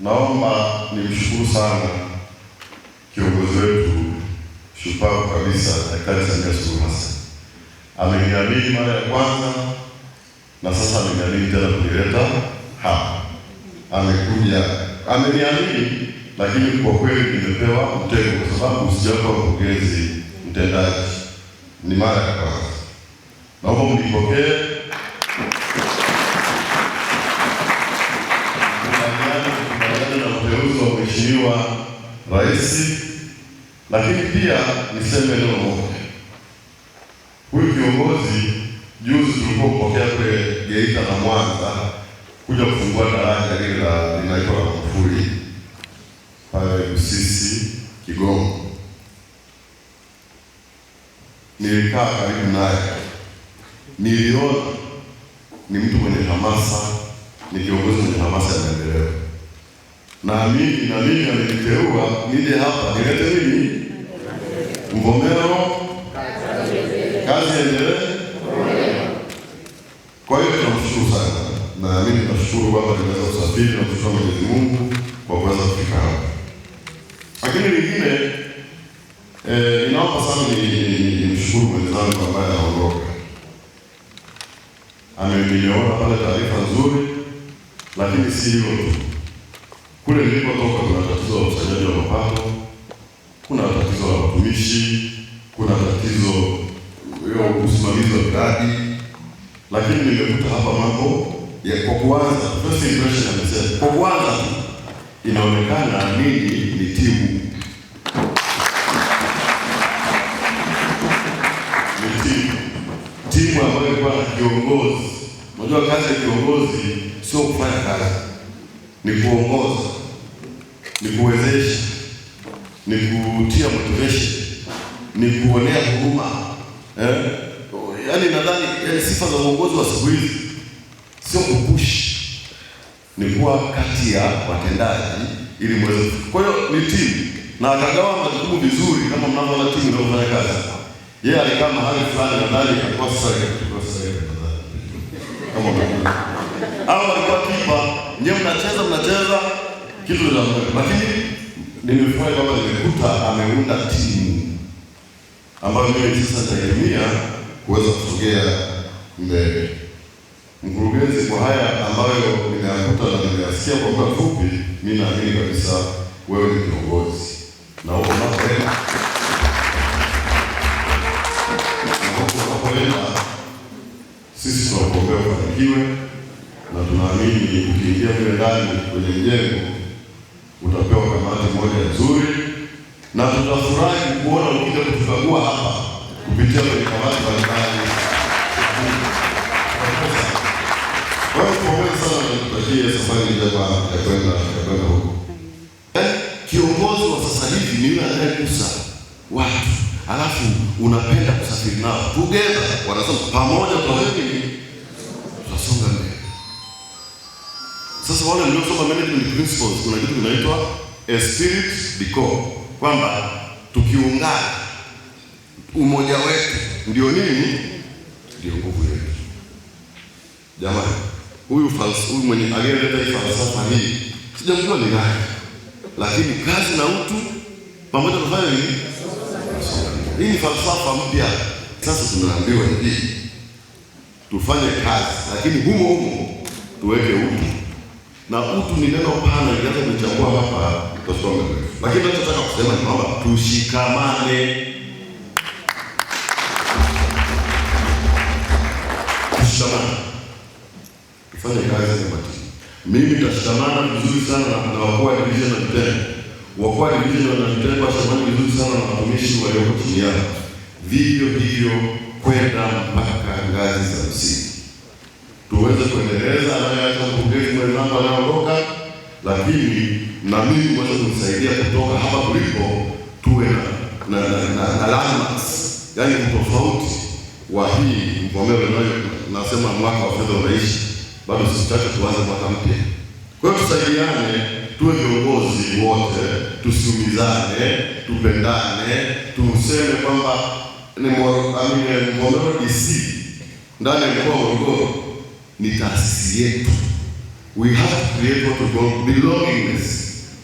Naomba nimshukuru sana kiongozi wetu shupavu kabisa Daktari Samia Suluhu Hassan. Ameniamini mara ya kwanza na sasa ameniamini tena kunileta hapa. Amekuja, ameniamini lakini kwa kweli nimepewa mtego, kwa sababu sijapa mkurugenzi mtendaji, ni mara ya kwanza. Naomba mnipokee uteuzi wa mheshimiwa rais, lakini pia niseme neno moja. Huyu kiongozi juzi tulikuwa kupokea kule Geita na Mwanza kuja kufungua daraja lile la linaitwa la Magufuli pale Busisi Kigongo. nilikaa karibu naye, niliona ni mtu mwenye hamasa, ni kiongozi mwenye hamasa ya maendeleo na mimi na mimi ameniteua nije hapa nilete nini mgomero kazi endelee. Kwa hiyo tunamshukuru sana, na mimi nashukuru kwamba tumeweza kusafiri na kushukuru Mwenyezi Mungu kwa kuweza kufika hapa. Lakini lingine eh, inaomba sana ni mshukuru mwenzangu ambaye anaondoka, ameniona pale taarifa nzuri, lakini si hiyo tu kule nilipotoka kuna tatizo la ukusanyaji wa mapato, kuna tatizo la watumishi, kuna tatizo ya usimamizi wa miradi, lakini nimekuta hapa mambo ya kwa kwanza, first impression amesema kwa kwanza inaonekana nini ni timu timu ambayo ilikuwa na kiongozi. Unajua kazi ya kiongozi sio kufanya kazi, ni kuongoza ni kuwezesha, ni kutia motivation, ni kuonea huruma eh? Yaani nadhani yaani sifa za uongozi wa siku hizi sio kupush, ni kuwa kati ya watendaji ili mweze. Kwa hiyo ni timu na akagawa majukumu vizuri, kama mnavyoona timu inayofanya kazi. Yeye alikaa mahali fulani, nadhani sasa kama au alikuwa kipa, nyewe mnacheza mnacheza kitu cha mwepo, lakini nimefurahi kwamba nimekuta ameunda timu ambayo mimi sasa nitaitumia kuweza kusogea mbele. Mkurugenzi, kwa haya ambayo nimeyakuta na nimeyasikia kwa muda mfupi, mimi naamini kabisa wewe ni kiongozi na uko unapoenda sisi tunakuombea ufanikiwe, na tunaamini ukiingia mle ndani kwenye mjengo utapewa kamati moja nzuri, na tutafurahi kuona ukija kutukagua hapa kupitia kwenye kamati mbalimbali. Kwa hiyo sana, nakutakie safari njema ya kwenda ya kwenda huko. Eh, kiongozi wa sasa hivi ni yule anayekusa watu, alafu unapenda kusafiri nao tugeza, wanasema pamoja kwa nini Sasa wale mliosoma management principles, kuna kitu kinaitwa a spirit decor, kwamba tukiungana umoja wetu ndio nini, ndio nguvu yetu. Jamani, huyu falsafa huyu mwenye aliyeleta hii falsafa hii sijamjua ni nani, lakini kazi na utu pamoja tunafanya nini? Hii ni falsafa mpya. Sasa tunaambiwa hivi, tufanye kazi, lakini humo humo tuweke utu na utu ni neno pana, ikianza kuchambua hapa utasonga mbele. Lakini nachotaka kusema ni kwamba tushikamane, tushikamane, tufanye kazi kama timu. Mimi nitashikamana vizuri sana na wakuu wa division na vitengo, wakuu wa division na vitengo washikamane vizuri sana na watumishi walioko chini yao, vivyo hivyo kwenda mpaka ngazi za msingi tuweze kuendeleza anayoacha mkurugenzi mwenzangu anayoondoka, lakini na mimi niweze kumsaidia kutoka hapa kulipo, tuwe na na landmarks, yaani utofauti wa hii mvomero nayo nasema mwaka wa fedha unaishi bado siku chache tuanze mwaka mpya. Kwa hiyo tusaidiane, tuwe viongozi wote, tusiumizane, tupendane, tuseme kwamba ni Mvomero DC ndani ya mkoa wa Morogoro ni taasisi yetu. We have to create what we call belongingness.